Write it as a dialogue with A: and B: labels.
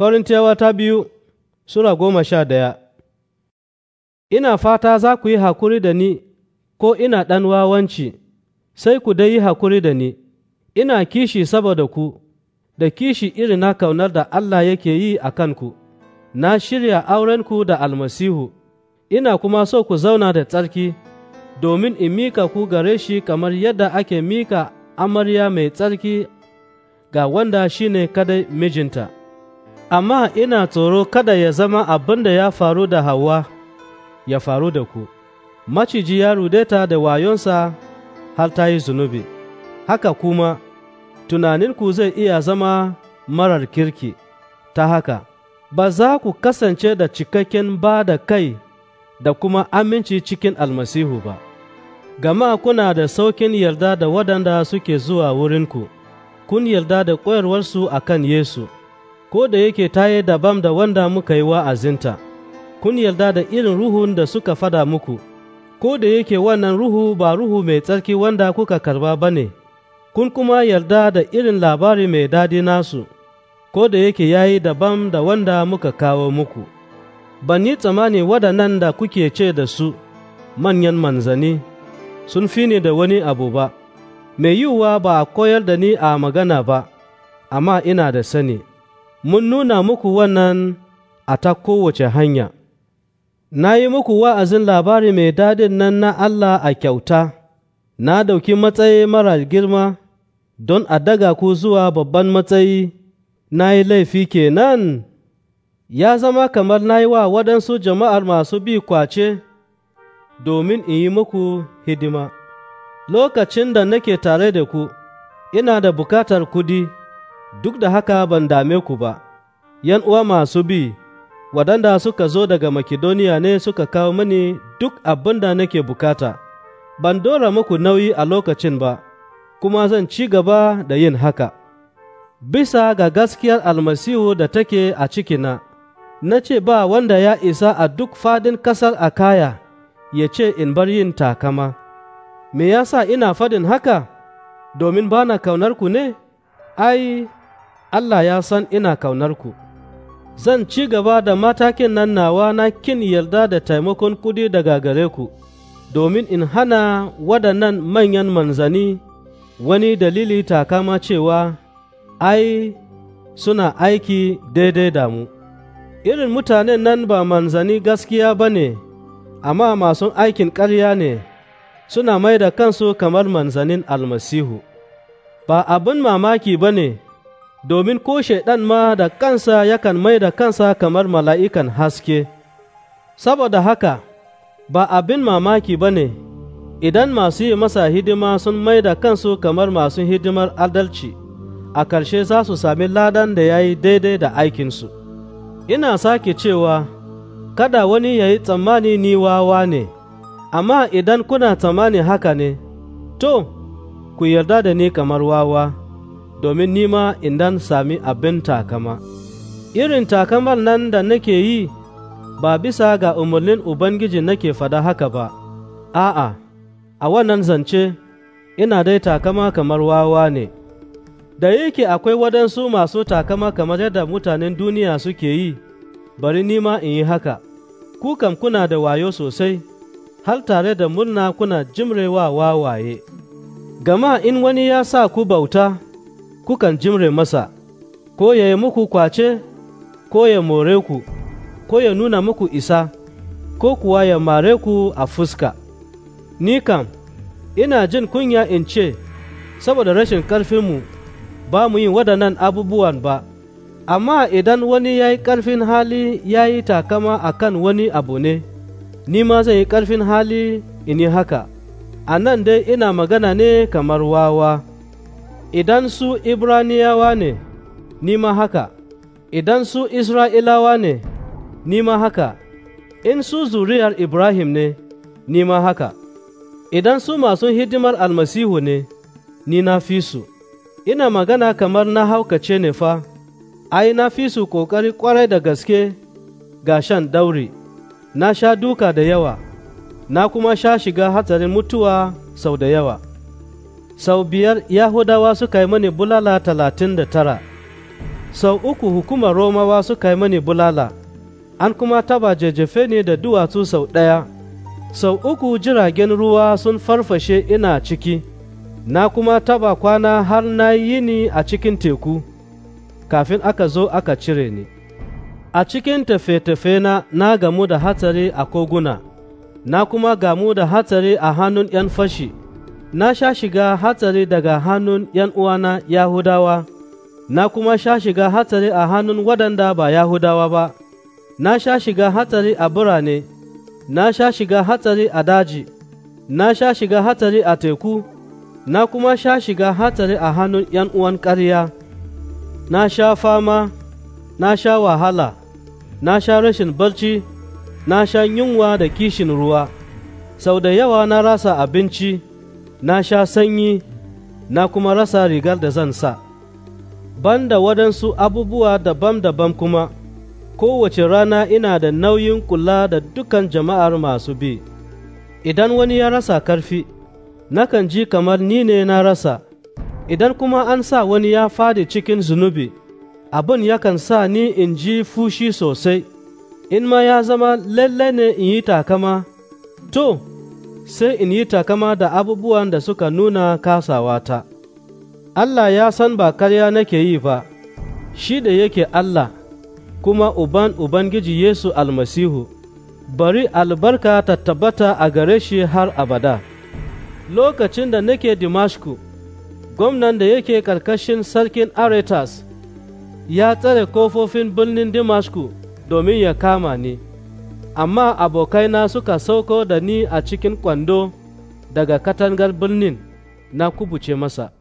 A: Korintiyawa ta biyu Sura goma sha ɗaya Ina fata za ku yi hakuri da ni ko ina ɗan wawanci, sai ku dai yi hakuri da ni, ina kishi saboda ku, da kishi irin na kaunar da Allah yake yi a kanku, na shirya aurenku da almasihu, ina kuma so ku zauna da tsarki, domin in mika ku gare shi kamar yadda ake mika amarya mai tsarki ga wanda shine kadai mijinta. amma ina tsoro kada ya zama abin da ya faru da Hauwa ya faru da ku, maciji ya rude ta da wayonsa har ta yi zunubi, haka kuma tunaninku zai iya zama marar kirki, ta haka ba za ku kasance da cikakken ba da kai da kuma aminci cikin almasihu ba, gama kuna da saukin yarda da waɗanda suke zuwa wurinku, kun yarda da koyarwarsu a kan Yesu. ko da yake ta yi dabam da wanda muka yi wa'azinta, kun yarda da irin ruhun da suka fada muku, ko da yake wannan ruhu ba ruhu mai tsarki wanda kuka karba ba ne, kun kuma yarda da irin labari mai dadi nasu, ko da yake ya yi dabam da wanda muka kawo muku. Ban yi tsammani waɗannan da kuke ce da su manyan manzani sun fi ni da wani abu ba, mai yiwuwa ba a koyar da ni a magana ba, amma ina da sani. mun nuna muku wannan a ta kowace hanya, na yi muku wa'azin labari mai daɗin nan na Allah a kyauta, na ɗauki matsayi mara girma don a daga ku zuwa babban matsayi, na yi laifi kenan. Ya zama kamar na yi wa waɗansu jama'ar masu bi kwace domin in yi muku hidima. Lokacin da nake tare da ku, ina da bukatar kudi. duk da haka ban dame ku ba, ’yan uwa masu bi, waɗanda suka zo daga Makedoniya ne suka kawo mani duk abin da nake bukata, ban dora muku nauyi a lokacin ba, kuma zan ci gaba da yin haka. Bisa ga gaskiyar almasihu da take a cikina, na ce ba wanda ya isa a duk fadin ƙasar kaya ya ce in bar yin takama. Me yasa ina fadin haka? Domin ba na kaunar ku ne? Ai, Allah ya san ina kaunarku. Zan ci gaba da matakin nan nawa na kin yarda da taimakon kudi daga gare ku, domin in hana waɗannan manyan manzani wani dalili takama cewa, ai, suna aiki daidai damu. Irin mutanen nan ba manzani gaskiya ba ne, amma masu aikin karya ne, suna mai da kansu kamar manzanin almasihu. Ba abin mamaki ba ne. domin ko shaiɗan ma da kansa yakan mai da kansa kamar mala'ikan haske, saboda haka ba abin mamaki ba ne idan masu yi masa hidima sun mai da kansu kamar masu hidimar adalci, a ƙarshe za su sami ladan da ya yi daidai da aikinsu. Ina sake cewa, kada wani ya yi tsammani ni wawa ne, amma idan kuna tsammani haka ne, to, ku yarda da ni kamar wawa. domin nima in dan sami abin takama. Irin takamar nan da nake yi ba bisa ga umarnin Ubangiji nake fada haka ba, a'a, a wannan zance ina dai takama kamar wawa ne. Da yake akwai waɗansu masu takama kamar yadda mutanen duniya suke yi, bari nima in yi haka, kukan kuna da wayo sosai, har tare da murna kuna jimrewa wawaye. Gama in wani ya sa ku bauta, kukan jimre masa, ko ya yi muku kwace, ko ya more ku, ko ya nuna muku isa, ko kuwa ya mare ku a fuska. Ni kam, ina jin kunya in ce, saboda rashin ƙarfinmu ba mu yi waɗannan abubuwan ba, amma idan wani ya yi ƙarfin hali ya yi takama a kan wani abu ne, ni ma zan yi ƙarfin hali in yi haka, a nan dai ina magana ne kamar wawa. idan su Ibraniyawa ne, ni ma haka, idan su Isra'ilawa ne, ni ma haka, in su zuriyar Ibrahim ne, ni ma haka, idan su masu hidimar almasihu ne, ni na fi su, ina magana kamar na haukace ne fa, ai, na fi su ƙoƙari ƙwarai da gaske ga shan dauri, na sha duka da yawa, na kuma sha shiga hatsarin mutuwa sau da yawa. sau biyar yahudawa suka yi mani bulala talatin da tara sau uku hukumar romawa suka yi mani bulala an kuma taba jajjafe ne da duwatsu sau ɗaya sau uku jiragen ruwa sun farfashe ina ciki na kuma taba kwana har na yi ni a cikin teku kafin aka zo aka cire ni a cikin tafe-tafe na na gamu da hatsari a koguna na kuma gamu da hatsari a hannun 'yan fashi na sha shiga hatsari daga hannun ’yan uwana Yahudawa, na kuma sha shiga hatsari a hannun waɗanda ba Yahudawa ba, na sha shiga hatsari a birane, na sha shiga hatsari a daji, na sha shiga hatsari a teku, na kuma sha shiga hatsari a hannun ’yan uwan ƙarya, na sha fama, na sha wahala, na sha rashin barci, na sha yunwa da kishin ruwa, sau da yawa na rasa abinci. na sha sanyi na kuma rasa rigar da zan sa, ban da waɗansu abubuwa daban-daban kuma, kowace rana ina da nauyin kula da dukan jama'ar masu bi, idan wani ya rasa karfi, nakan ji kamar ni ne na rasa, idan kuma an sa wani ya fadi cikin zunubi, abin yakan sa ni in ji fushi sosai, in ma ya zama lalle ne in yi takama, to, sai in yi takama da abubuwan da suka nuna kasawata. Allah ya san ba karya nake yi ba, shi da yake Allah, kuma Uban Ubangiji Yesu almasihu, bari albarka ta tabbata a gare shi har abada. Lokacin da nake Dimashku, gwamnan da yake ƙarƙashin sarkin Aretas ya tsare kofofin birnin Dimashku domin ya kama ni. amma abokaina suka sauko da ni a cikin kwando daga katangar birnin na kubuce masa.